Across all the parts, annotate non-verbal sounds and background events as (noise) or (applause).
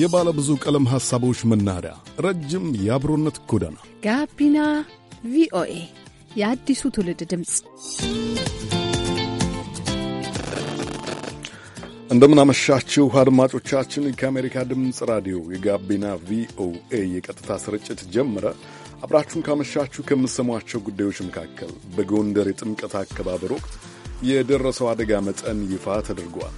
የባለ ብዙ ቀለም ሐሳቦች መናኸሪያ፣ ረጅም የአብሮነት ጎዳና፣ ጋቢና ቪኦኤ የአዲሱ ትውልድ ድምፅ። እንደምናመሻችሁ አድማጮቻችን፣ ከአሜሪካ ድምፅ ራዲዮ የጋቢና ቪኦኤ የቀጥታ ስርጭት ጀመረ። አብራችሁን ካመሻችሁ ከምትሰሟቸው ጉዳዮች መካከል በጎንደር የጥምቀት አከባበር ወቅት የደረሰው አደጋ መጠን ይፋ ተደርጓል።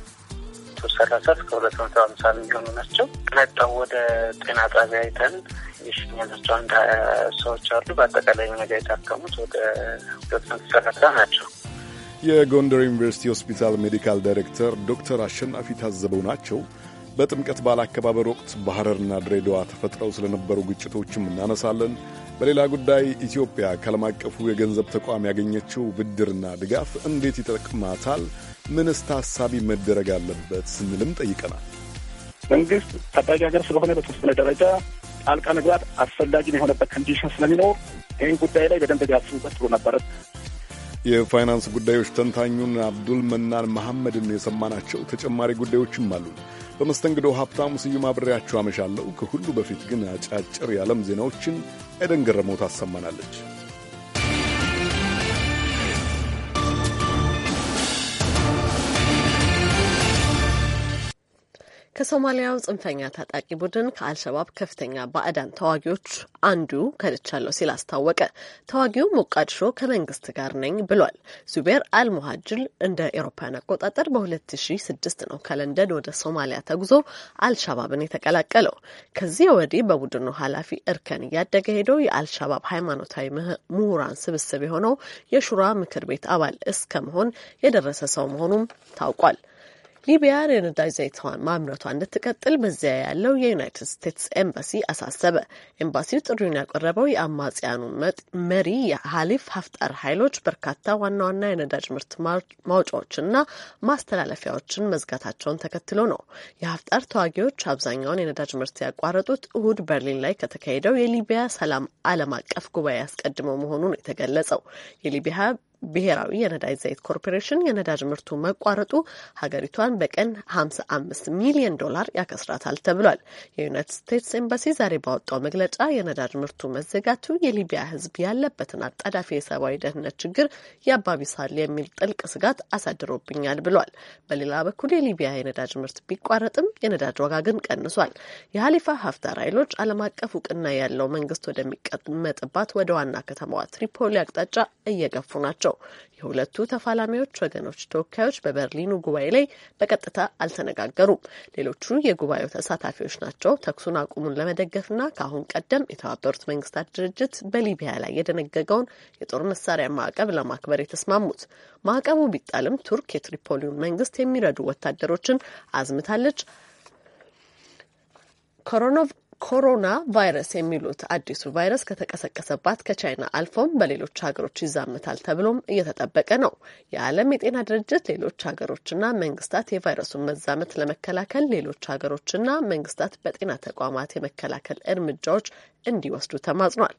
ሰላሳ እስከ ሁለት መቶ ሀምሳ የሚሆኑ ናቸው። መጣው ወደ ጤና ጣቢያ አይተን ሽኛ አንድ ሀያ ሰዎች አሉ። በአጠቃላይ ነገ የታከሙት ወደ ሁለት መቶ ሰላሳ ናቸው። የጎንደር ዩኒቨርሲቲ ሆስፒታል ሜዲካል ዳይሬክተር ዶክተር አሸናፊ ታዘበው ናቸው። በጥምቀት በዓል አከባበር ወቅት በሐረርና ድሬዳዋ ተፈጥረው ስለነበሩ ግጭቶችም እናነሳለን። በሌላ ጉዳይ ኢትዮጵያ ከዓለም አቀፉ የገንዘብ ተቋም ያገኘችው ብድርና ድጋፍ እንዴት ይጠቅማታል? ምንስ ታሳቢ መደረግ አለበት ስንልም ጠይቀናል። መንግስት ታዳጊ ሀገር ስለሆነ በተወሰነ ደረጃ ጣልቃ መግባት አስፈላጊ የሆነበት ኮንዲሽን ስለሚኖር ይህን ጉዳይ ላይ በደንብ ቢያስቡበት ጥሩ ነበረ። የፋይናንስ ጉዳዮች ተንታኙን አብዱል መናን መሐመድን የሰማናቸው ተጨማሪ ጉዳዮችም አሉ። በመስተንግዶ ሀብታሙ ስዩም አብሬያችሁ አመሻለሁ። ከሁሉ በፊት ግን አጫጭር የዓለም ዜናዎችን ኤደን ገረመው ታሰማናለች። ከሶማሊያው ጽንፈኛ ታጣቂ ቡድን ከአልሸባብ ከፍተኛ ባዕዳን ተዋጊዎች አንዱ ከድቻለሁ ሲል አስታወቀ። ተዋጊው ሞቃዲሾ ከመንግስት ጋር ነኝ ብሏል። ዙቤር አልሙሃጅል እንደ ኤሮፓያን አቆጣጠር በ2006 ነው ከለንደን ወደ ሶማሊያ ተጉዞ አልሸባብን የተቀላቀለው። ከዚህ ወዲህ በቡድኑ ኃላፊ እርከን እያደገ ሄደው የአልሸባብ ሃይማኖታዊ ምሁራን ስብስብ የሆነው የሹራ ምክር ቤት አባል እስከ መሆን የደረሰ ሰው መሆኑም ታውቋል። ሊቢያ የነዳጅ ዘይቷን ማምረቷ እንድትቀጥል በዚያ ያለው የዩናይትድ ስቴትስ ኤምባሲ አሳሰበ። ኤምባሲው ጥሪውን ያቀረበው የአማጽያኑ መሪ የሀሊፍ ሀፍጠር ኃይሎች በርካታ ዋና ዋና የነዳጅ ምርት ማውጫዎችና ማስተላለፊያዎችን መዝጋታቸውን ተከትሎ ነው። የሀፍጠር ተዋጊዎች አብዛኛውን የነዳጅ ምርት ያቋረጡት እሁድ በርሊን ላይ ከተካሄደው የሊቢያ ሰላም ዓለም አቀፍ ጉባኤ አስቀድመው መሆኑን የተገለጸው የሊቢያ ብሔራዊ የነዳጅ ዘይት ኮርፖሬሽን የነዳጅ ምርቱ መቋረጡ ሀገሪቷን በቀን 55 ሚሊዮን ዶላር ያከስራታል ተብሏል። የዩናይትድ ስቴትስ ኤምባሲ ዛሬ ባወጣው መግለጫ የነዳጅ ምርቱ መዘጋቱ የሊቢያ ሕዝብ ያለበትን አጣዳፊ የሰብአዊ ደህንነት ችግር ያባቢሳል የሚል ጥልቅ ስጋት አሳድሮብኛል ብሏል። በሌላ በኩል የሊቢያ የነዳጅ ምርት ቢቋረጥም የነዳጅ ዋጋ ግን ቀንሷል። የሀሊፋ ሀፍታር ኃይሎች ዓለም አቀፍ እውቅና ያለው መንግስት ወደሚቀመጥባት ወደ ዋና ከተማዋ ትሪፖሊ አቅጣጫ እየገፉ ናቸው። ናቸው። የሁለቱ ተፋላሚዎች ወገኖች ተወካዮች በበርሊኑ ጉባኤ ላይ በቀጥታ አልተነጋገሩም። ሌሎቹ የጉባኤው ተሳታፊዎች ናቸው ተኩሱን አቁሙን ለመደገፍና ከአሁን ቀደም የተባበሩት መንግስታት ድርጅት በሊቢያ ላይ የደነገገውን የጦር መሳሪያ ማዕቀብ ለማክበር የተስማሙት። ማዕቀቡ ቢጣልም ቱርክ የትሪፖሊውን መንግስት የሚረዱ ወታደሮችን አዝምታለች። ኮሮኖቭ ኮሮና ቫይረስ የሚሉት አዲሱ ቫይረስ ከተቀሰቀሰባት ከቻይና አልፎም በሌሎች ሀገሮች ይዛመታል ተብሎም እየተጠበቀ ነው። የዓለም የጤና ድርጅት ሌሎች ሀገሮችና መንግስታት የቫይረሱን መዛመት ለመከላከል ሌሎች ሀገሮችና መንግስታት በጤና ተቋማት የመከላከል እርምጃዎች እንዲወስዱ ተማጽኗል።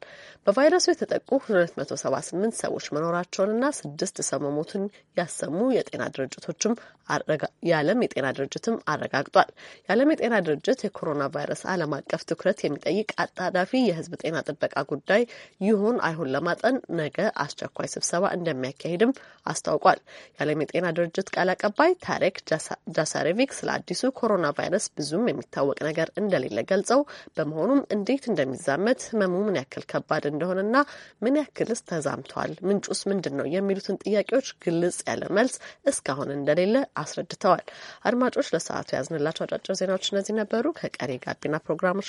በቫይረሱ የተጠቁ 278 ሰዎች መኖራቸውንና ስድስት ሰው መሞቱን ያሰሙ የጤና ድርጅቶችም የዓለም የጤና ድርጅትም አረጋግጧል። የዓለም የጤና ድርጅት የኮሮና ቫይረስ ዓለም አቀፍ ትኩረት የሚጠይቅ አጣዳፊ የህዝብ ጤና ጥበቃ ጉዳይ ይሁን አይሁን ለማጠን ነገ አስቸኳይ ስብሰባ እንደሚያካሂድም አስታውቋል። የዓለም የጤና ድርጅት ቃል አቀባይ ታሬክ ጃሳሬቪክ ስለ አዲሱ ኮሮና ቫይረስ ብዙም የሚታወቅ ነገር እንደሌለ ገልጸው በመሆኑም እንዴት እንደሚዛመት ህመሙ ምን ያክል ከባድ እንደሆነና ምን ያክልስ ተዛምተዋል፣ ምንጩስ ምንድን ነው የሚሉትን ጥያቄዎች ግልጽ ያለ መልስ እስካሁን እንደሌለ አስረድተዋል። አድማጮች ለሰዓቱ ያዝንላቸው አጫጭር ዜናዎች እነዚህ ነበሩ። ከቀሪ ጋቢና ፕሮግራሞች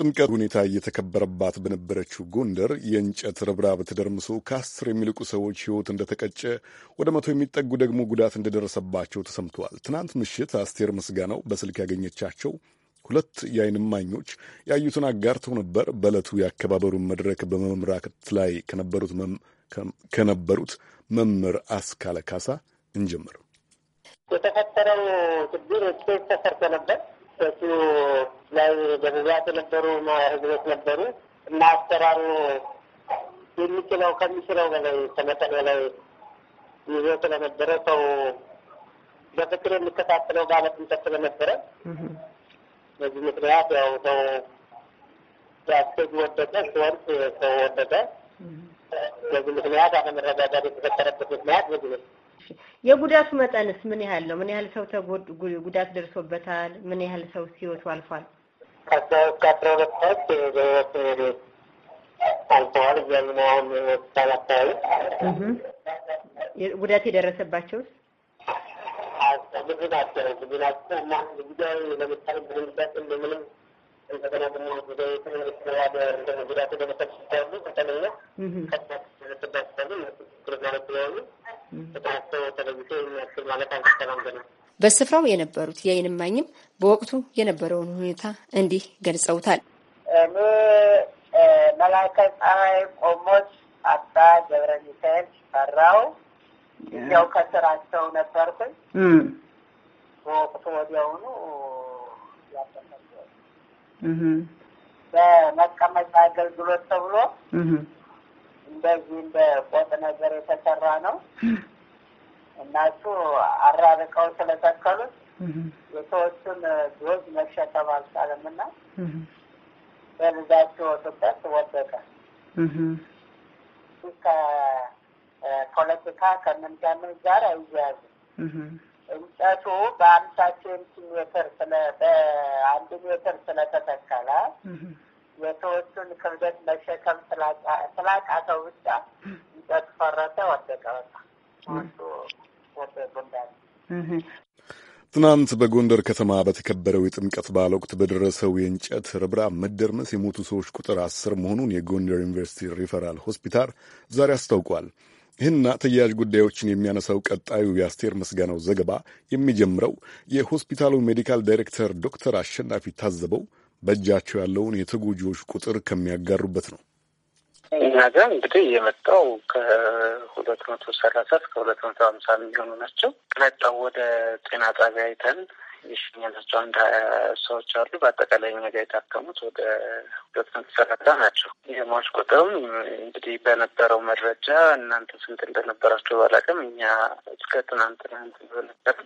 በጥምቀት ሁኔታ እየተከበረባት በነበረችው ጎንደር የእንጨት ርብራብ ተደርምሶ ከአስር የሚልቁ ሰዎች ሕይወት እንደተቀጨ ወደ መቶ የሚጠጉ ደግሞ ጉዳት እንደደረሰባቸው ተሰምተዋል። ትናንት ምሽት አስቴር ምስጋናው በስልክ ያገኘቻቸው ሁለት የዓይን እማኞች ያዩትን አጋርተው ነበር። በዕለቱ የአከባበሩን መድረክ በመምራት ላይ ከነበሩት መምህር አስካለ ካሳ እንጀምር። የተፈጠረው ችግር ኬዝ ተሰርቶ ነበር እሱ ላይ በብዛት የነበሩ ህዝቦች ነበሩ እና አሰራሩ የሚችለው ከሚችለው በላይ ከመጠን በላይ ይዞ ስለነበረ ሰው በፍቅር የሚከታተለው ባለጥምቀት ስለነበረ በዚህ ምክንያት ያው ሰው ያስገጅ ወደቀ፣ ሲወርቅ ሰው ወደቀ። በዚህ ምክንያት አለመረጋጋት የተፈጠረበት ምክንያት በዚህ ነው። የጉዳቱ መጠንስ ምን ያህል ነው? ምን ያህል ሰው ጉዳት ደርሶበታል? ምን ያህል ሰው ህይወቱ አልፏል? አልፈዋል። እያሉ አሁን ሆስፒታል አካባቢ ጉዳት የደረሰባቸው ብዙ ናቸው። ብዙ ናቸው እና ጉዳይ ለምሳሌ ብንበት እንደምንም እንደገና ደግሞ ጉዳት ደረሰባቸው ያሉ ያሉ በስፍራው የነበሩት የዓይን እማኝም በወቅቱ የነበረውን ሁኔታ እንዲህ ገልጸውታል። እኔ መላከ ፀሐይ ቆሞች አባ ገብረ ሚካኤል ፈራው ያው ከስራቸው ነበርኩኝ። በወቅቱ ወዲያውኑ ያደመ በመቀመጫ አገልግሎት ተብሎ እንደዚህም በቆጥ ነገር የተሰራ ነው። (clears throat) እናቱ አራርቀው ስለተከሉት (clears throat) የሰዎቹን ዶዝ መሸከም አልቻለም እና (clears throat) በልዛቸው ወጡበት ወደቀ። ከፖለቲካ ከምንዳምን ጋር አይያያዝም። እንጨቱ በአምሳ ሴንቲ ሜትር በአንድ ሜትር ስለተተከለ የሰዎቹን ክብደት መሸከም ስላቃተው ብቻ እንጨት ፈረሰ፣ ወደቀ። ትናንት በጎንደር ከተማ በተከበረው የጥምቀት በዓል ወቅት በደረሰው የእንጨት ርብራ መደርመስ የሞቱ ሰዎች ቁጥር አስር መሆኑን የጎንደር ዩኒቨርሲቲ ሪፈራል ሆስፒታል ዛሬ አስታውቋል። ይህና ተያያዥ ጉዳዮችን የሚያነሳው ቀጣዩ የአስቴር ምስጋናው ዘገባ የሚጀምረው የሆስፒታሉ ሜዲካል ዳይሬክተር ዶክተር አሸናፊ ታዘበው በእጃቸው ያለውን የተጎጂዎች ቁጥር ከሚያጋሩበት ነው። እኛ ጋር እንግዲህ የመጣው ከሁለት መቶ ሰላሳ እስከ ሁለት መቶ ሀምሳ የሚሆኑ ናቸው። ከመጣው ወደ ጤና ጣቢያ አይተን የሸኘናቸው አንድ ሀያ ሰዎች አሉ። በአጠቃላይ እኛ ጋር የታከሙት ወደ ሁለት መቶ ሰላሳ ናቸው። የሟች ቁጥርም እንግዲህ በነበረው መረጃ እናንተ ስንት እንደነበራቸው ባላቅም እኛ እስከ ትናንት ትናንትና በነበር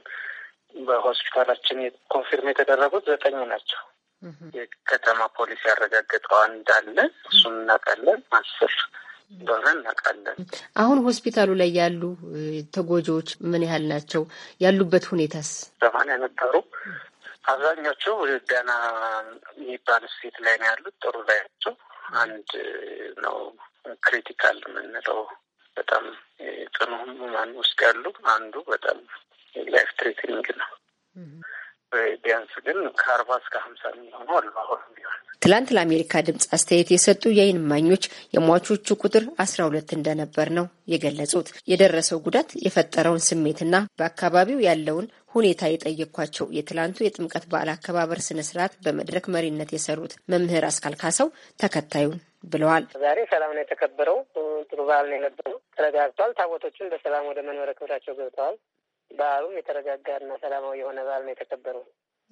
በሆስፒታላችን ኮንፊርም የተደረጉት ዘጠኝ ናቸው። የከተማ ፖሊስ ያረጋገጠው እንዳለ እሱን እናውቃለን። አስር እንደሆነ እናውቃለን። አሁን ሆስፒታሉ ላይ ያሉ ተጎጂዎች ምን ያህል ናቸው? ያሉበት ሁኔታስ? ሰማንያ ነበሩ። አብዛኞቹ ደህና የሚባል ሴት ላይ ነው ያሉት፣ ጥሩ ላይ ናቸው። አንድ ነው ክሪቲካል የምንለው በጣም ጥኑ ህሙማን ውስጥ ያሉ አንዱ በጣም ላይፍ ትሬትኒንግ ነው ቢያንስ ግን ከአርባ እስከ ሀምሳ የሚሆኑ አሉ። አሁንም ቢሆን ትላንት ለአሜሪካ ድምፅ አስተያየት የሰጡ የዓይን እማኞች የሟቾቹ ቁጥር አስራ ሁለት እንደነበር ነው የገለጹት። የደረሰው ጉዳት የፈጠረውን ስሜትና በአካባቢው ያለውን ሁኔታ የጠየኳቸው የትላንቱ የጥምቀት በዓል አከባበር ስነ ስርዓት በመድረክ መሪነት የሰሩት መምህር አስካልካሰው ተከታዩን ብለዋል። ዛሬ ሰላም ነው የተከበረው። ጥሩ በዓል ነው የነበረው። ተረጋግቷል። ታቦቶችን በሰላም ወደ መኖረ ክብራቸው ገብተዋል። በዓሉም የተረጋጋና ሰላማዊ የሆነ በዓል ነው የተከበረው።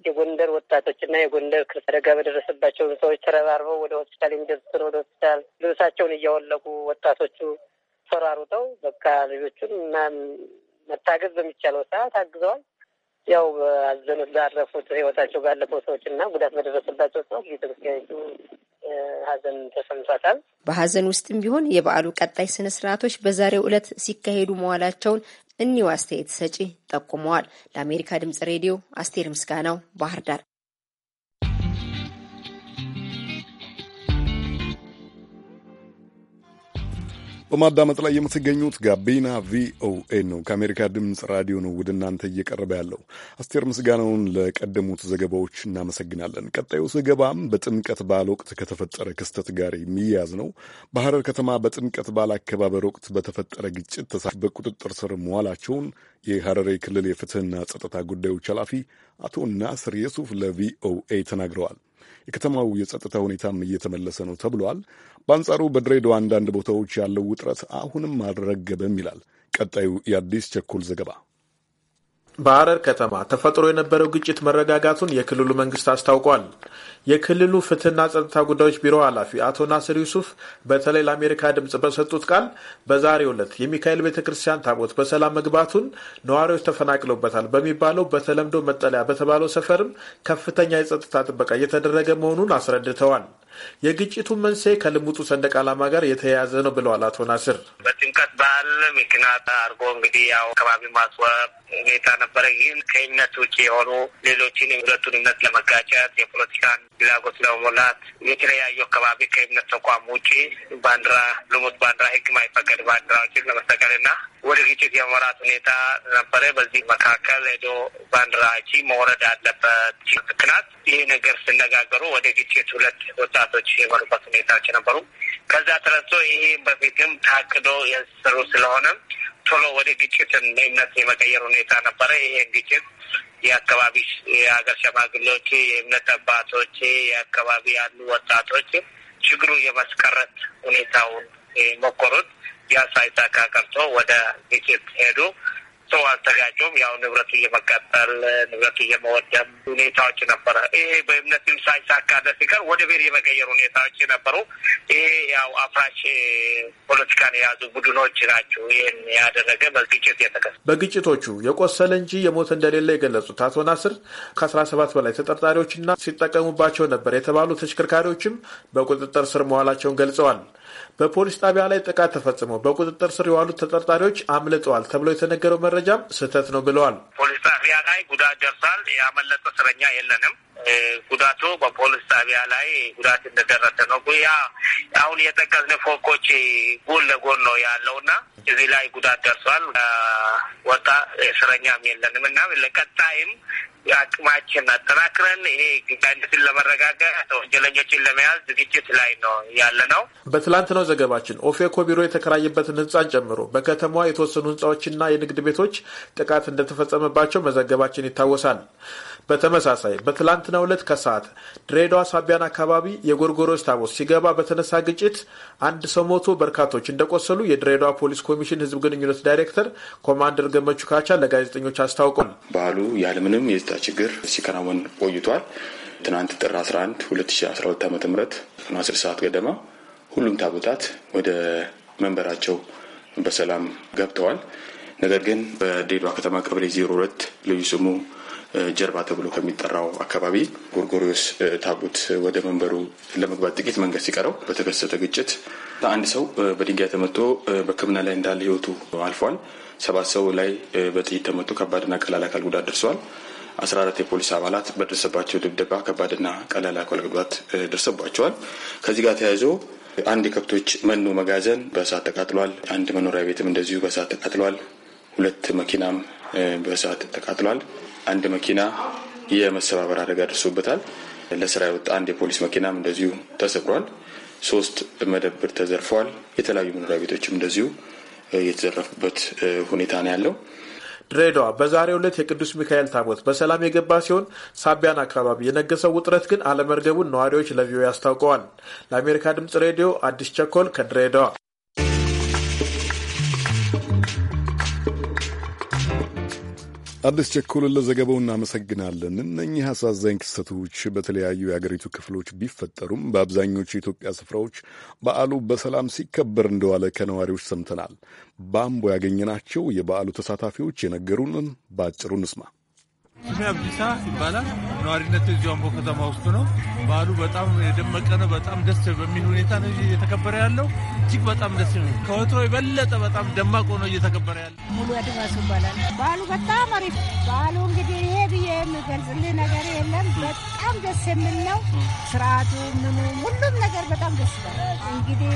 የጎንደር ወጣቶች እና የጎንደር ክስ አደጋ በደረሰባቸውን ሰዎች ተረባርበው ወደ ሆስፒታል የሚደርሱትን ወደ ሆስፒታል ልብሳቸውን እያወለቁ ወጣቶቹ ተራሩተው በቃ ልጆቹን መታገዝ በሚቻለው ሰዓት አግዘዋል። ያው በአዘኑት ባረፉት ህይወታቸው ባለፈው ሰዎች እና ጉዳት በደረሰባቸው ሰዎች ቤተክርስቲያኒቱ ሀዘን ተሰምቷታል። በሀዘን ውስጥም ቢሆን የበዓሉ ቀጣይ ስነ ስርዓቶች በዛሬው ዕለት ሲካሄዱ መዋላቸውን እኒው አስተያየት ሰጪ ጠቁመዋል። ለአሜሪካ ድምጽ ሬዲዮ አስቴር ምስጋናው ባህር ዳር በማዳመጥ ላይ የምትገኙት ጋቢና ቪኦኤ ነው። ከአሜሪካ ድምፅ ራዲዮ ነው ወደ እናንተ እየቀረበ ያለው። አስቴር ምስጋናውን ለቀደሙት ዘገባዎች እናመሰግናለን። ቀጣዩ ዘገባም በጥምቀት በዓል ወቅት ከተፈጠረ ክስተት ጋር የሚያያዝ ነው። በሐረር ከተማ በጥምቀት በዓል አከባበር ወቅት በተፈጠረ ግጭት ተሳፊ በቁጥጥር ስር መዋላቸውን የሐረሬ ክልል የፍትህና ጸጥታ ጉዳዮች ኃላፊ አቶ ናስር የሱፍ ለቪኦኤ ተናግረዋል። የከተማው የጸጥታ ሁኔታም እየተመለሰ ነው ተብሏል። በአንጻሩ በድሬዳዋ አንዳንድ ቦታዎች ያለው ውጥረት አሁንም አልረገበም ይላል ቀጣዩ የአዲስ ቸኮል ዘገባ። በሐረር ከተማ ተፈጥሮ የነበረው ግጭት መረጋጋቱን የክልሉ መንግስት አስታውቋል። የክልሉ ፍትህና ጸጥታ ጉዳዮች ቢሮ ኃላፊ አቶ ናስር ዩሱፍ በተለይ ለአሜሪካ ድምፅ በሰጡት ቃል በዛሬ ዕለት የሚካኤል ቤተ ክርስቲያን ታቦት በሰላም መግባቱን ነዋሪዎች ተፈናቅለውበታል በሚባለው በተለምዶ መጠለያ በተባለው ሰፈርም ከፍተኛ የጸጥታ ጥበቃ እየተደረገ መሆኑን አስረድተዋል። የግጭቱ መንስኤ ከልሙጡ ሰንደቅ ዓላማ ጋር የተያያዘ ነው ብለዋል አቶ ናስር። በጥምቀት በዓል ምክንያት አድርጎ እንግዲህ ያው አካባቢ ማስዋብ ሁኔታ ነበረ። ይህን ከእምነት ውጭ የሆኑ ሌሎችን የሁለቱን እምነት ለመጋጨት የፖለቲካን ፍላጎት ለመሙላት የተለያዩ አካባቢ ከእምነት ተቋም ውጪ ባንዲራ ልሙት ባንዲራ ህግ ማይፈቀድ ባንዲራዎችን ለመሰቀል እና ወደ ግጭት የመራት ሁኔታ ነበረ። በዚህ መካከል ሄዶ ባንዲራቺ መውረድ አለበት ምክንያት ይህ ነገር ስነጋገሩ ወደ ግጭት ሁለት ወጣቶች የመሩበት ሁኔታዎች ነበሩ። ከዛ ተነስቶ ይህ በፊትም ታቅዶ የሰሩ ስለሆነ ቶሎ ወደ ግጭትን እምነት የመቀየር ሁኔታ ነበረ። ይሄ ግጭት የአካባቢ የሀገር ሸማግሌዎች፣ የእምነት አባቶች፣ የአካባቢ ያሉ ወጣቶች ችግሩ የማስቀረት ሁኔታውን ሞከሩት። ያ ሳይሳካ ቀርቶ ወደ ግጭት ሄዱ። ሰው አልተጋጨውም። ያው ንብረቱ እየመቃጠል ንብረቱ እየመወደም ሁኔታዎች ነበረ። ይሄ በእምነትም ሳይሳካለት ሲቀር ወደ ብሔር የመቀየር ሁኔታዎች ነበሩ። ይሄ ያው አፍራሽ ፖለቲካን የያዙ ቡድኖች ናቸው ይህን ያደረገ በግጭት የተከሰ በግጭቶቹ የቆሰለ እንጂ የሞት እንደሌለ የገለጹት አቶ ናስር ከአስራ ሰባት በላይ ተጠርጣሪዎችና ሲጠቀሙባቸው ነበር የተባሉ ተሽከርካሪዎችም በቁጥጥር ስር መዋላቸውን ገልጸዋል። በፖሊስ ጣቢያ ላይ ጥቃት ተፈጽሞ በቁጥጥር ስር የዋሉት ተጠርጣሪዎች አምልጠዋል ተብሎ የተነገረው መረጃም ስህተት ነው ብለዋል። ፖሊስ ጣቢያ ላይ ጉዳት ደርሷል። ያመለጠ እስረኛ የለንም። ጉዳቱ በፖሊስ ጣቢያ ላይ ጉዳት እንደደረሰ ነው። ያ አሁን የጠቀስን ፎቆች ጎን ለጎን ነው ያለው እና እዚህ ላይ ጉዳት ደርሷል። ወጣ እስረኛም የለንም እና ለቀጣይም አቅማችን አጠናክረን ይሄ ግዳይነትን ለመረጋጋት ወንጀለኞችን ለመያዝ ዝግጅት ላይ ነው ያለ ነው። ነው ዘገባችን ኦፌኮ ቢሮ የተከራየበትን ህንፃን ጨምሮ በከተማዋ የተወሰኑ ህንፃዎችና የንግድ ቤቶች ጥቃት እንደተፈጸመባቸው መዘገባችን ይታወሳል። በተመሳሳይ በትላንትናው ዕለት ከሰዓት ድሬዳዋ ሳቢያን አካባቢ የጎርጎሮስ ታቦት ሲገባ በተነሳ ግጭት አንድ ሰው ሞቶ በርካቶች እንደቆሰሉ የድሬዳዋ ፖሊስ ኮሚሽን ህዝብ ግንኙነት ዳይሬክተር ኮማንደር ገመቹ ካቻ ለጋዜጠኞች አስታውቋል። በዓሉ ያለምንም የጸጥታ ችግር ሲከናወን ቆይቷል። ትናንት ጥር 11 2012 ዓ ም ከ10 ሰዓት ገደማ ሁሉም ታቦታት ወደ መንበራቸው በሰላም ገብተዋል። ነገር ግን በድሬዳዋ ከተማ ቀበሌ 02 ልዩ ስሙ ጀርባ ተብሎ ከሚጠራው አካባቢ ጎርጎሪዎስ ታቦት ወደ መንበሩ ለመግባት ጥቂት መንገድ ሲቀረው በተከሰተ ግጭት አንድ ሰው በድንጋይ ተመቶ በሕክምና ላይ እንዳለ ህይወቱ አልፏል። ሰባት ሰው ላይ በጥይት ተመቶ ከባድና ቀላል አካል ጉዳት ደርሰዋል። አስራ አራት የፖሊስ አባላት በደረሰባቸው ድብደባ ከባድና ቀላል አካል ጉዳት ደርሰባቸዋል። ከዚህ ጋር ተያይዞ አንድ የከብቶች መኖ መጋዘን በእሳት ተቃጥሏል። አንድ መኖሪያ ቤትም እንደዚሁ በእሳት ተቃጥሏል። ሁለት መኪናም በእሳት ተቃጥሏል። አንድ መኪና የመሰባበር አደጋ ደርሶበታል። ለስራ የወጣ አንድ የፖሊስ መኪናም እንደዚሁ ተሰብሯል። ሶስት መደብር ተዘርፈዋል። የተለያዩ መኖሪያ ቤቶችም እንደዚሁ የተዘረፉበት ሁኔታ ነው ያለው። ድሬዳዋ በዛሬው ዕለት የቅዱስ ሚካኤል ታቦት በሰላም የገባ ሲሆን ሳቢያን አካባቢ የነገሰው ውጥረት ግን አለመርገቡን ነዋሪዎች ለቪኦኤ አስታውቀዋል። ለአሜሪካ ድምጽ ሬዲዮ አዲስ ቸኮል ከድሬዳዋ አዲስ ቸኮልን ለዘገባው እናመሰግናለን። እነኚህ አሳዛኝ ክስተቶች በተለያዩ የአገሪቱ ክፍሎች ቢፈጠሩም በአብዛኞቹ የኢትዮጵያ ስፍራዎች በዓሉ በሰላም ሲከበር እንደዋለ ከነዋሪዎች ሰምተናል። በአምቦ ያገኘናቸው የበዓሉ ተሳታፊዎች የነገሩንን በአጭሩ እንስማ። ስሜ አብዲሳ ይባላል። ነዋሪነት እዚሁ አምቦ ከተማ ውስጥ ነው። በዓሉ በጣም የደመቀ ነው። በጣም ደስ በሚል ሁኔታ ነው እየተከበረ ያለው። እጅግ በጣም ደስ የሚል ከወትሮ የበለጠ በጣም ደማቅ ሆኖ እየተከበረ ያለው ሙሉ አድማሱ ይባላል። በዓሉ በጣም አሪፍ በዓሉ እንግዲህ ይሄ ብዬ የምገልጽልህ ነገር የለም። በጣም ደስ የሚል ነው። ስርዓቱ ምኑ፣ ሁሉም ነገር በጣም ደስ ይላል። እንግዲህ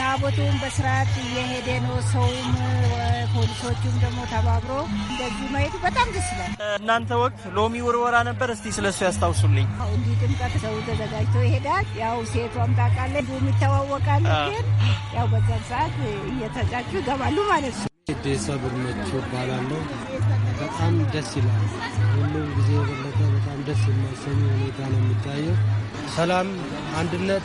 ታቦቱም በስርዓት እየሄደ ነው። ሰውም ፖሊሶቹም ደግሞ ተባብሮ እንደዚህ ማየቱ በጣም ደስ ይላል። እናንተ በእናንተ ወቅት ሎሚ ውርወራ ነበር። እስቲ ስለሱ ያስታውሱልኝ። እንዲህ ጥምቀት ሰው ተዘጋጅቶ ይሄዳል። ያው ሴቷም ታውቃለህ፣ እንዲሁም ይተዋወቃሉ። ግን ያው በዛም ሰዓት እየተጫጩ ይገባሉ ማለት ነው። ዴሳ ብርመቸው እባላለሁ። በጣም ደስ ይላል። ሁሉም ጊዜ የበለጠ በጣም ደስ የሚያሰኝ ሁኔታ ነው የሚታየው ሰላም፣ አንድነት፣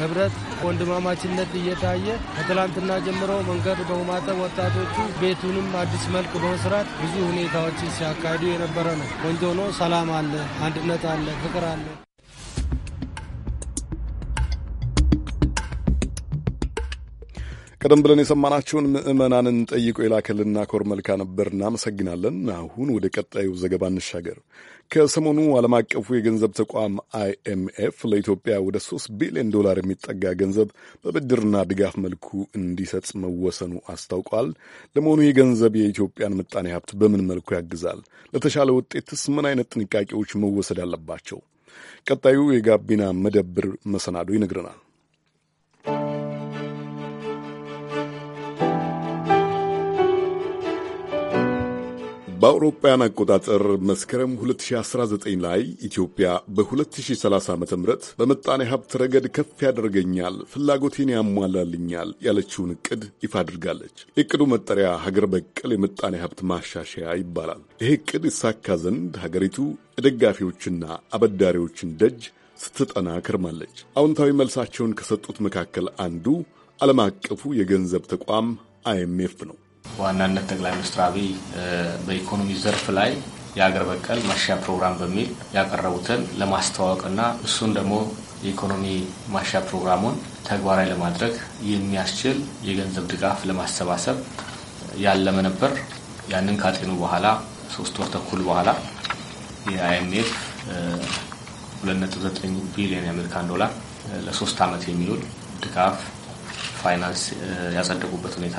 ህብረት፣ ወንድማማችነት እየታየ ከትላንትና ጀምሮ መንገድ በሁማተ ወጣቶቹ ቤቱንም አዲስ መልክ በመስራት ብዙ ሁኔታዎችን ሲያካሂዱ የነበረ ነው። ቆንጆ ነው። ሰላም አለ፣ አንድነት አለ፣ ፍቅር አለ። ቀደም ብለን የሰማናቸውን ምዕመናንን ጠይቆ የላከልና ኮር መልካ ነበር። እናመሰግናለን። አሁን ወደ ቀጣዩ ዘገባ እንሻገር። ከሰሞኑ ዓለም አቀፉ የገንዘብ ተቋም አይኤምኤፍ ለኢትዮጵያ ወደ 3 ቢሊዮን ዶላር የሚጠጋ ገንዘብ በብድርና ድጋፍ መልኩ እንዲሰጥ መወሰኑ አስታውቋል። ለመሆኑ ይህ ገንዘብ የኢትዮጵያን ምጣኔ ሀብት በምን መልኩ ያግዛል? ለተሻለ ውጤትስ ምን አይነት ጥንቃቄዎች መወሰድ አለባቸው? ቀጣዩ የጋቢና መደብር መሰናዶ ይነግረናል። በአውሮፓውያን አቆጣጠር መስከረም 2019 ላይ ኢትዮጵያ በ2030 ዓ ም በምጣኔ ሀብት ረገድ ከፍ ያደርገኛል፣ ፍላጎቴን ያሟላልኛል ያለችውን እቅድ ይፋ አድርጋለች። የእቅዱ መጠሪያ ሀገር በቀል የምጣኔ ሀብት ማሻሻያ ይባላል። ይህ እቅድ ይሳካ ዘንድ ሀገሪቱ ደጋፊዎችና አበዳሪዎችን ደጅ ስትጠና ከርማለች። አዎንታዊ መልሳቸውን ከሰጡት መካከል አንዱ ዓለም አቀፉ የገንዘብ ተቋም አይኤምኤፍ ነው። በዋናነት ጠቅላይ ሚኒስትር አብይ በኢኮኖሚ ዘርፍ ላይ የአገር በቀል ማሻ ፕሮግራም በሚል ያቀረቡትን ለማስተዋወቅና እሱን ደግሞ የኢኮኖሚ ማሻ ፕሮግራሙን ተግባራዊ ለማድረግ የሚያስችል የገንዘብ ድጋፍ ለማሰባሰብ ያለመ ነበር። ያንን ካጤኑ በኋላ ሶስት ወር ተኩል በኋላ የአይኤምኤፍ 2.9 ቢሊዮን የአሜሪካን ዶላር ለሶስት ዓመት የሚውል ድጋፍ ፋይናንስ ያጸደቁበት ሁኔታ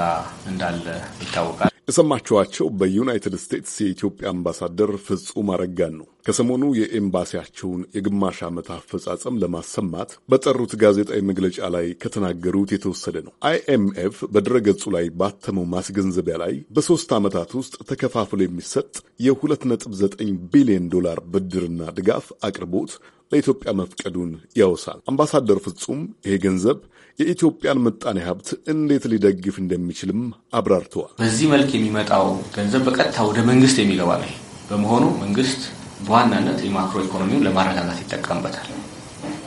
እንዳለ ይታወቃል። የሰማችኋቸው በዩናይትድ ስቴትስ የኢትዮጵያ አምባሳደር ፍጹም አረጋን ነው። ከሰሞኑ የኤምባሲያቸውን የግማሽ ዓመት አፈጻጸም ለማሰማት በጠሩት ጋዜጣዊ መግለጫ ላይ ከተናገሩት የተወሰደ ነው። አይኤምኤፍ በድረገጹ ላይ ባተመው ማስገንዘቢያ ላይ በሦስት ዓመታት ውስጥ ተከፋፍሎ የሚሰጥ የ2.9 ቢሊዮን ዶላር ብድርና ድጋፍ አቅርቦት ለኢትዮጵያ መፍቀዱን ያወሳል። አምባሳደር ፍጹም ይሄ ገንዘብ የኢትዮጵያን ምጣኔ ሀብት እንዴት ሊደግፍ እንደሚችልም አብራርተዋል። በዚህ መልክ የሚመጣው ገንዘብ በቀጥታ ወደ መንግስት የሚገባ ላይ በመሆኑ መንግስት በዋናነት የማክሮ ኢኮኖሚውን ለማረጋጋት ይጠቀምበታል።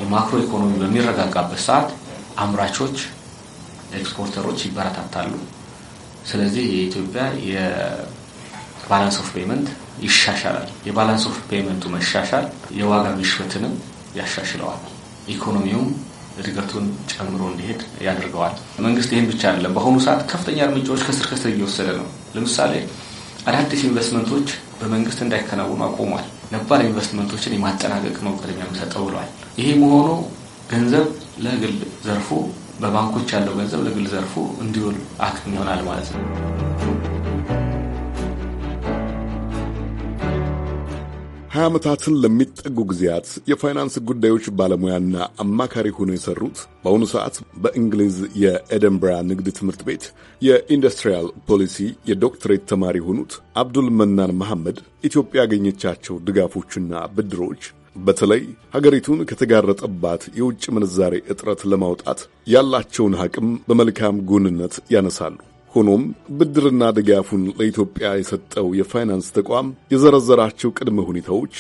የማክሮ ኢኮኖሚ በሚረጋጋበት ሰዓት አምራቾች፣ ኤክስፖርተሮች ይበረታታሉ። ስለዚህ የኢትዮጵያ የባላንስ ኦፍ ፔመንት ይሻሻላል። የባላንስ ኦፍ ፔመንቱ መሻሻል የዋጋ ግሽበትንም ያሻሽለዋል። ኢኮኖሚውም እድገቱን ጨምሮ እንዲሄድ ያደርገዋል። መንግስት ይህን ብቻ አይደለም፣ በአሁኑ ሰዓት ከፍተኛ እርምጃዎች ከስር ከስር እየወሰደ ነው። ለምሳሌ አዳዲስ ኢንቨስትመንቶች በመንግስት እንዳይከናወኑ አቆሟል። ነባር ኢንቨስትመንቶችን የማጠናቀቅ ነው ቅድሚያ የሚሰጠው ብለዋል። ይሄ መሆኑ ገንዘብ ለግል ዘርፉ በባንኮች ያለው ገንዘብ ለግል ዘርፉ እንዲውል አቅም ይሆናል ማለት ነው። ሀያ ዓመታትን ለሚጠጉ ጊዜያት የፋይናንስ ጉዳዮች ባለሙያና አማካሪ ሆነው የሰሩት በአሁኑ ሰዓት በእንግሊዝ የኤደንብራ ንግድ ትምህርት ቤት የኢንዱስትሪያል ፖሊሲ የዶክትሬት ተማሪ የሆኑት አብዱል መናን መሐመድ ኢትዮጵያ ያገኘቻቸው ድጋፎችና ብድሮች በተለይ ሀገሪቱን ከተጋረጠባት የውጭ ምንዛሬ እጥረት ለማውጣት ያላቸውን አቅም በመልካም ጎንነት ያነሳሉ። ሆኖም ብድርና ድጋፉን ለኢትዮጵያ የሰጠው የፋይናንስ ተቋም የዘረዘራቸው ቅድመ ሁኔታዎች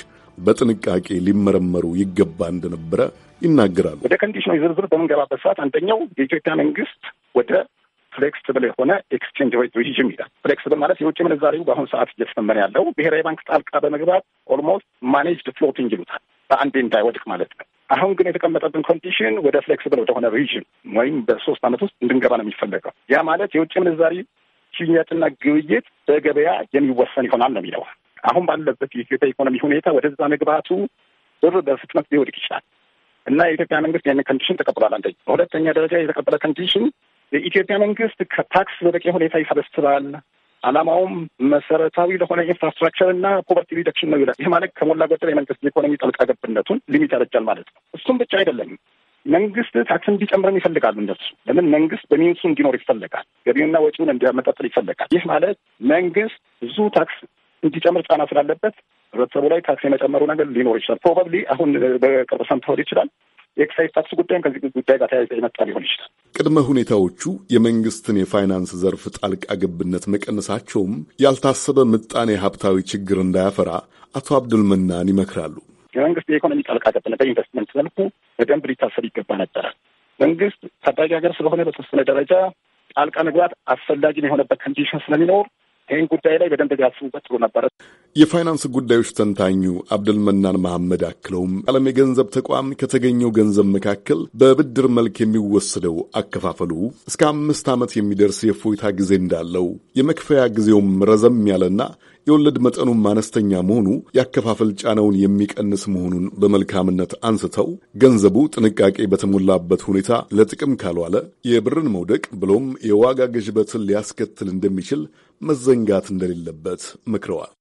በጥንቃቄ ሊመረመሩ ይገባ እንደነበረ ይናገራሉ። ወደ ኮንዲሽኖች ዝርዝር በምንገባበት ሰዓት አንደኛው የኢትዮጵያ መንግስት ወደ ፍሌክስብል የሆነ ኤክስቼንጅ ሬት ሪዥም ይላል። ፍሌክስብል ማለት የውጭ ምንዛሬው በአሁኑ ሰዓት እየተተመነ ያለው ብሔራዊ ባንክ ጣልቃ በመግባት ኦልሞስት ማኔጅድ ፍሎቲንግ ይሉታል፣ በአንዴ እንዳይወድቅ ማለት ነው። አሁን ግን የተቀመጠብን ኮንዲሽን ወደ ፍሌክስብል ወደሆነ ሪዥን ወይም በሶስት ዓመት ውስጥ እንድንገባ ነው የሚፈለገው። ያ ማለት የውጭ ምንዛሪ ሽያጭና ግብይት በገበያ የሚወሰን ይሆናል ነው የሚለው። አሁን ባለበት የኢትዮጵያ ኢኮኖሚ ሁኔታ ወደዛ መግባቱ ብር በፍጥነት ሊወድቅ ይችላል እና የኢትዮጵያ መንግስት ያንን ኮንዲሽን ተቀብሏል። አንደኛ። በሁለተኛ ደረጃ የተቀበለ ኮንዲሽን የኢትዮጵያ መንግስት ከታክስ በበቂ ሁኔታ ይሰበስባል፣ አላማውም መሰረታዊ ለሆነ ኢንፍራስትራክቸር እና ፖቨርቲ ሪደክሽን ነው ይላል። ይህ ማለት ከሞላ ጎደል የመንግስት ኢኮኖሚ ጣልቃ ገብነቱን ሊሚት ያደርጋል ማለት ነው። እሱም ብቻ አይደለም። መንግስት ታክስ እንዲጨምርም ይፈልጋሉ እንደሱ። ለምን መንግስት በሚንሱ እንዲኖር ይፈለጋል። ገቢውና ወጪውን እንዲያመጣጥል ይፈለጋል። ይህ ማለት መንግስት ብዙ ታክስ እንዲጨምር ጫና ስላለበት ህብረተሰቡ ላይ ታክስ የመጨመሩ ነገር ሊኖር ይችላል። ፕሮባብሊ አሁን በቅርብ ሰምተው ይችላል። የኤክሳይዝ ታክስ ጉዳይም ከዚህ ጉዳይ ጋር ተያይዘ የመጣ ሊሆን ይችላል። ቅድመ ሁኔታዎቹ የመንግስትን የፋይናንስ ዘርፍ ጣልቃ ገብነት መቀነሳቸውም ያልታሰበ ምጣኔ ሀብታዊ ችግር እንዳያፈራ አቶ አብዱል መናን ይመክራሉ። የመንግስት የኢኮኖሚ ጣልቃ ገብነት በኢንቨስትመንት መልኩ በደንብ ሊታሰብ ይገባ ነበረ። መንግስት ታዳጊ ሀገር ስለሆነ በተወሰነ ደረጃ ጣልቃ መግባት አስፈላጊ የሆነበት ኮንዲሽን ስለሚኖር ይህን ጉዳይ ላይ በደንብ ቢያስቡበት ጥሩ ነበረ። የፋይናንስ ጉዳዮች ተንታኙ አብደልመናን መሐመድ አክለውም ዓለም የገንዘብ ተቋም ከተገኘው ገንዘብ መካከል በብድር መልክ የሚወሰደው አከፋፈሉ እስከ አምስት ዓመት የሚደርስ የእፎይታ ጊዜ እንዳለው የመክፈያ ጊዜውም ረዘም ያለና የወለድ መጠኑም አነስተኛ መሆኑ የአከፋፈል ጫናውን የሚቀንስ መሆኑን በመልካምነት አንስተው ገንዘቡ ጥንቃቄ በተሞላበት ሁኔታ ለጥቅም ካልዋለ የብርን መውደቅ ብሎም የዋጋ ግሽበትን ሊያስከትል እንደሚችል መዘንጋት እንደሌለበት መክረዋል።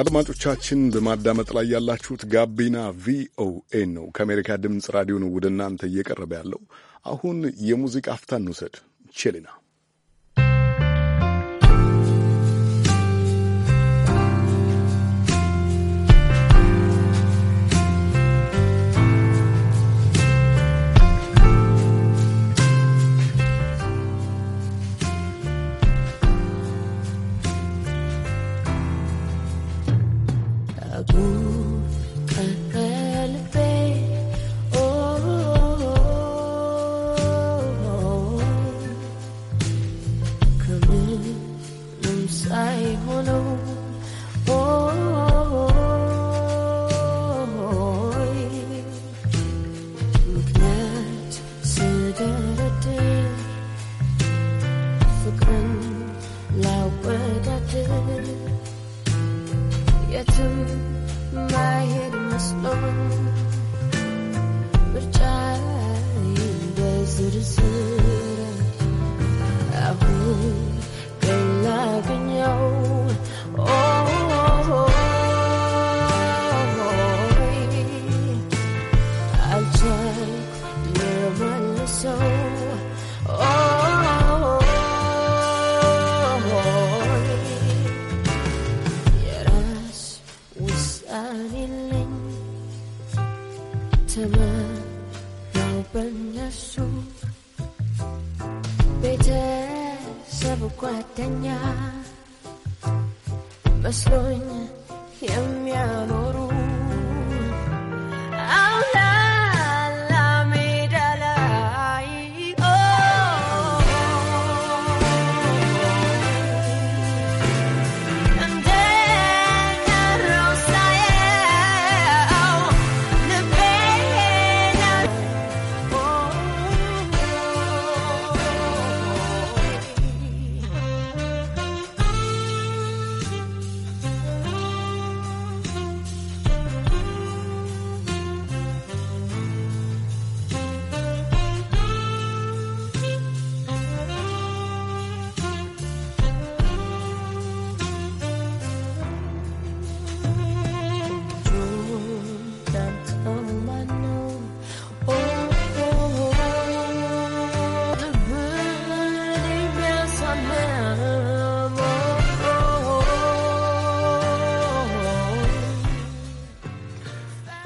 አድማጮቻችን በማዳመጥ ላይ ያላችሁት ጋቢና ቪኦኤ ነው። ከአሜሪካ ድምፅ ራዲዮ ነው ወደ እናንተ እየቀረበ ያለው። አሁን የሙዚቃ አፍታን ውሰድ። Chilina.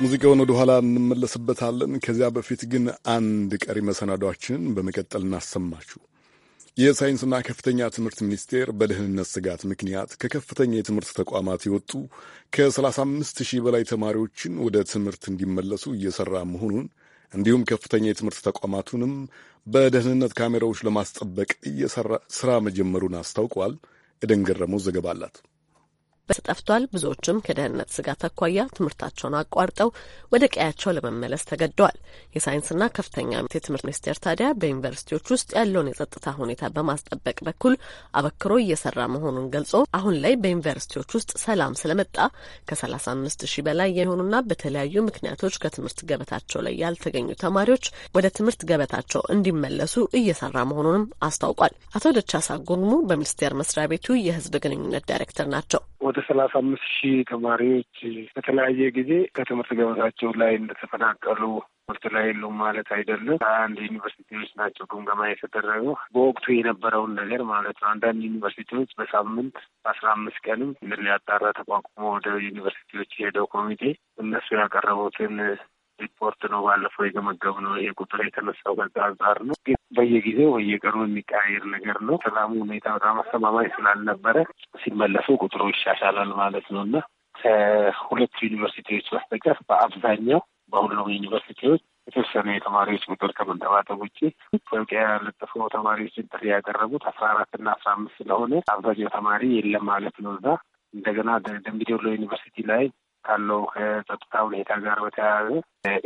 ሙዚቃውን ወደ ኋላ እንመለስበታለን። ከዚያ በፊት ግን አንድ ቀሪ መሰናዷችንን በመቀጠል እናሰማችሁ። የሳይንስና ከፍተኛ ትምህርት ሚኒስቴር በደህንነት ስጋት ምክንያት ከከፍተኛ የትምህርት ተቋማት የወጡ ከ35 ሺህ በላይ ተማሪዎችን ወደ ትምህርት እንዲመለሱ እየሰራ መሆኑን እንዲሁም ከፍተኛ የትምህርት ተቋማቱንም በደህንነት ካሜራዎች ለማስጠበቅ እየሰራ ስራ መጀመሩን አስታውቋል። ኤደን ገረመው ዘገባ አላት። በተጠፍቷል። ብዙዎችም ከደህንነት ስጋት አኳያ ትምህርታቸውን አቋርጠው ወደ ቀያቸው ለመመለስ ተገደዋል። የሳይንስና ከፍተኛ የትምህርት ሚኒስቴር ታዲያ በዩኒቨርሲቲዎች ውስጥ ያለውን የጸጥታ ሁኔታ በማስጠበቅ በኩል አበክሮ እየሰራ መሆኑን ገልጾ አሁን ላይ በዩኒቨርሲቲዎች ውስጥ ሰላም ስለመጣ ከ 35 ሺህ በላይ የሆኑና በተለያዩ ምክንያቶች ከትምህርት ገበታቸው ላይ ያልተገኙ ተማሪዎች ወደ ትምህርት ገበታቸው እንዲመለሱ እየሰራ መሆኑንም አስታውቋል። አቶ ደቻሳ ጉርሙ በሚኒስቴር መስሪያ ቤቱ የህዝብ ግንኙነት ዳይሬክተር ናቸው። ወደ ሰላሳ አምስት ሺህ ተማሪዎች በተለያየ ጊዜ ከትምህርት ገበታቸው ላይ እንደተፈናቀሉ ትምህርት ላይ የሉም ማለት አይደለም። አንድ ዩኒቨርሲቲዎች ናቸው ግምገማ የተደረገው በወቅቱ የነበረውን ነገር ማለት ነው። አንዳንድ ዩኒቨርሲቲዎች በሳምንት አስራ አምስት ቀንም ሊያጣራ ተቋቁሞ ወደ ዩኒቨርሲቲዎች የሄደው ኮሚቴ እነሱ ያቀረቡትን ሪፖርት ነው ባለፈው የገመገብ ነው። ይሄ ቁጥር የተነሳው በዛ አንጻር ነው። ግን በየጊዜው በየቀኑ የሚቀያየር ነገር ነው። ሰላሙ ሁኔታ በጣም አስተማማኝ ስላልነበረ ሲመለሱ ቁጥሩ ይሻሻላል ማለት ነው እና ከሁለቱ ዩኒቨርሲቲዎች በስተቀር በአብዛኛው በሁሉም ዩኒቨርሲቲዎች የተወሰነ የተማሪዎች ቁጥር ከመንጠባጠብ ውጭ መታወቂያ ያለጠፈው ተማሪዎችን ጥሪ ያቀረቡት አስራ አራት እና አስራ አምስት ስለሆነ አብዛኛው ተማሪ የለም ማለት ነው እዛ እንደገና ደምቢዶሎ ዩኒቨርሲቲ ላይ ካለው ከጸጥታ ሁኔታ ጋር በተያያዘ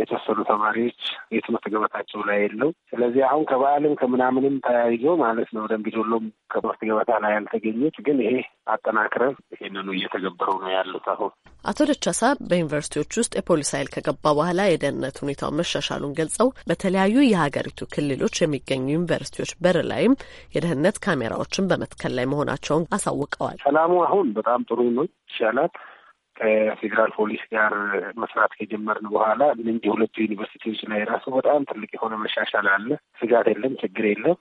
የተወሰኑ ተማሪዎች የትምህርት ገበታቸው ላይ የለው። ስለዚህ አሁን ከበዓልም ከምናምንም ተያይዞ ማለት ነው ደንቢዶሎም ከትምህርት ገበታ ላይ ያልተገኙት፣ ግን ይሄ አጠናክረን ይህንኑ እየተገበሩ ነው ያሉት። አሁን አቶ ደቻሳ በዩኒቨርሲቲዎች ውስጥ የፖሊስ ኃይል ከገባ በኋላ የደህንነት ሁኔታው መሻሻሉን ገልጸው በተለያዩ የሀገሪቱ ክልሎች የሚገኙ ዩኒቨርሲቲዎች በር ላይም የደህንነት ካሜራዎችን በመትከል ላይ መሆናቸውን አሳውቀዋል። ሰላሙ አሁን በጣም ጥሩ ነው፣ ይሻላል። ከፌዴራል ፖሊስ ጋር መስራት ከጀመርን በኋላ እነዚህ ሁለቱ ዩኒቨርሲቲዎች ላይ ራሱ በጣም ትልቅ የሆነ መሻሻል አለ። ስጋት የለም፣ ችግር የለም።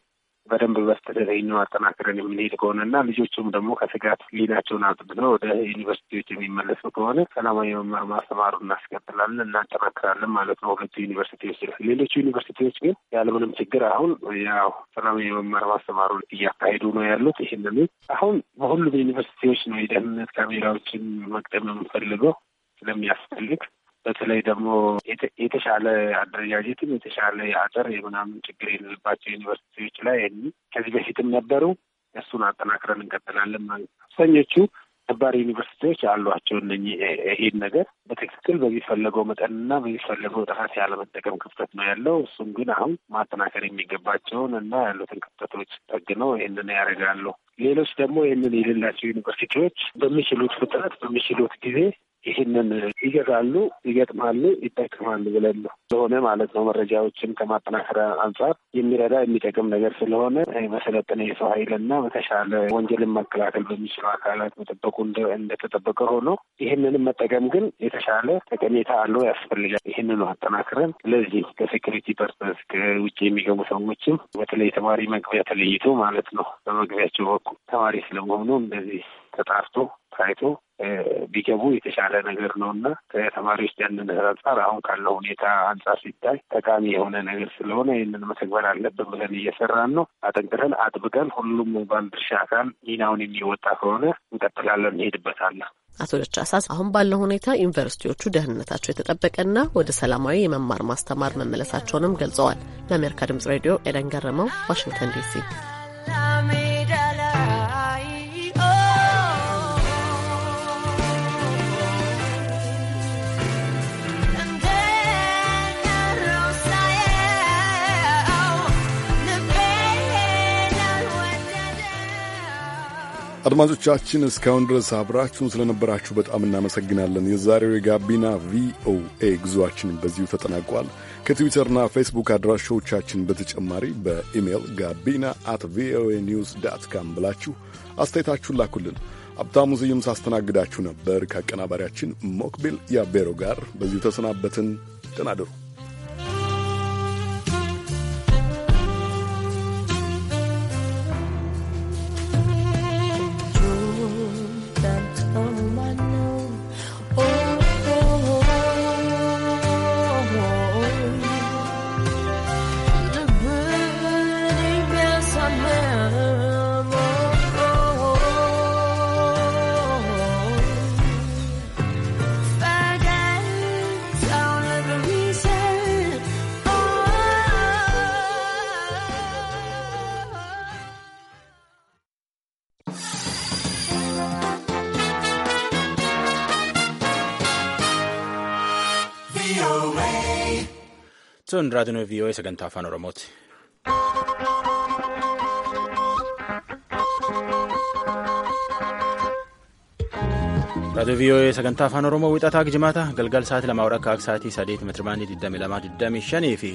በደንብ በስተደረኝ አጠናክረን የምንሄድ ከሆነ እና ልጆቹም ደግሞ ከስጋት ሊናቸውን አጽድተው ወደ ዩኒቨርሲቲዎች የሚመለሱ ከሆነ ሰላማዊ መማር ማስተማሩ እናስቀጥላለን እናጠናክራለን ማለት ነው። ሁለቱ ዩኒቨርሲቲዎች ሌሎቹ ዩኒቨርሲቲዎች ግን ያለምንም ችግር አሁን ያው ሰላማዊ መማር ማስተማሩ እያካሄዱ ነው ያሉት። ይህንን አሁን በሁሉም ዩኒቨርሲቲዎች ነው የደህንነት ካሜራዎችን መቅደም የምፈልገው ስለሚያስፈልግ በተለይ ደግሞ የተሻለ አደረጃጀትም የተሻለ የአጥር የምናምን ችግር የሌለባቸው ዩኒቨርሲቲዎች ላይ ይህ ከዚህ በፊትም ነበሩ። እሱን አጠናክረን እንቀጥላለን ማለት ነው። አብዛኞቹ ነባር ዩኒቨርሲቲዎች አሏቸው እነ ይሄን ነገር በትክክል በሚፈለገው መጠንና በሚፈለገው ጥራት ያለመጠቀም ክፍተት ነው ያለው። እሱም ግን አሁን ማጠናከር የሚገባቸውን እና ያሉትን ክፍተቶች ጠግነው ይህንን ያደርጋሉ። ሌሎች ደግሞ ይህንን የሌላቸው ዩኒቨርሲቲዎች በሚችሉት ፍጥነት በሚችሉት ጊዜ ይህንን ይገዛሉ፣ ይገጥማሉ፣ ይጠቀማሉ ብለን ነው ስለሆነ ማለት ነው። መረጃዎችን ከማጠናከር አንጻር የሚረዳ የሚጠቅም ነገር ስለሆነ መሰለጠነ የሰው ኃይልና በተሻለ ወንጀልን መከላከል በሚችሉ አካላት መጠበቁ እንደተጠበቀ ሆኖ ይህንንም መጠቀም ግን የተሻለ ጠቀሜታ አለው ያስፈልጋል። ይህንኑ አጠናክረን ስለዚህ ከሴኩሪቲ ፐርፐስ ከውጭ የሚገቡ ሰዎችም በተለይ ተማሪ መግቢያ ተለይቶ ማለት ነው በመግቢያቸው በኩል ተማሪ ስለመሆኑ እንደዚህ ተጣርቶ ታይቶ ቢገቡ የተሻለ ነገር ነው እና ከተማሪዎች ደህንነት አንጻር አሁን ካለው ሁኔታ አንጻር ሲታይ ጠቃሚ የሆነ ነገር ስለሆነ ይህንን መተግበር አለብን ብለን እየሰራን ነው። አጠንቅተን አጥብቀን ሁሉም ባለድርሻ አካል ሚናውን የሚወጣ ከሆነ እንቀጥላለን፣ እንሄድበታለን። አቶ ደቻሳስ አሁን ባለው ሁኔታ ዩኒቨርሲቲዎቹ ደህንነታቸው የተጠበቀና ወደ ሰላማዊ የመማር ማስተማር መመለሳቸውንም ገልጸዋል። ለአሜሪካ ድምጽ ሬዲዮ ኤደን ገረመው፣ ዋሽንግተን ዲሲ አድማጮቻችን እስካሁን ድረስ አብራችሁን ስለነበራችሁ በጣም እናመሰግናለን። የዛሬው የጋቢና ቪኦኤ ጉዞአችን በዚሁ ተጠናቋል። ከትዊተርና ፌስቡክ አድራሻዎቻችን በተጨማሪ በኢሜይል ጋቢና አት ቪኦኤ ኒውስ ዳት ካም ብላችሁ አስተያየታችሁን ላኩልን። ሀብታሙ ስዩም ሳስተናግዳችሁ ነበር ከአቀናባሪያችን ሞክቢል ያቤሮ ጋር በዚሁ ተሰናበትን። ደህና እደሩ። Sun raadiyoon vii'oo sagantaa afaan Oromooti. Raadiyoo vii'oo sagantaa afaan Oromoo wixataa jimaata galgal sa'aatii lama warra akka sa'aatii saddeet meetiri 22 25 fi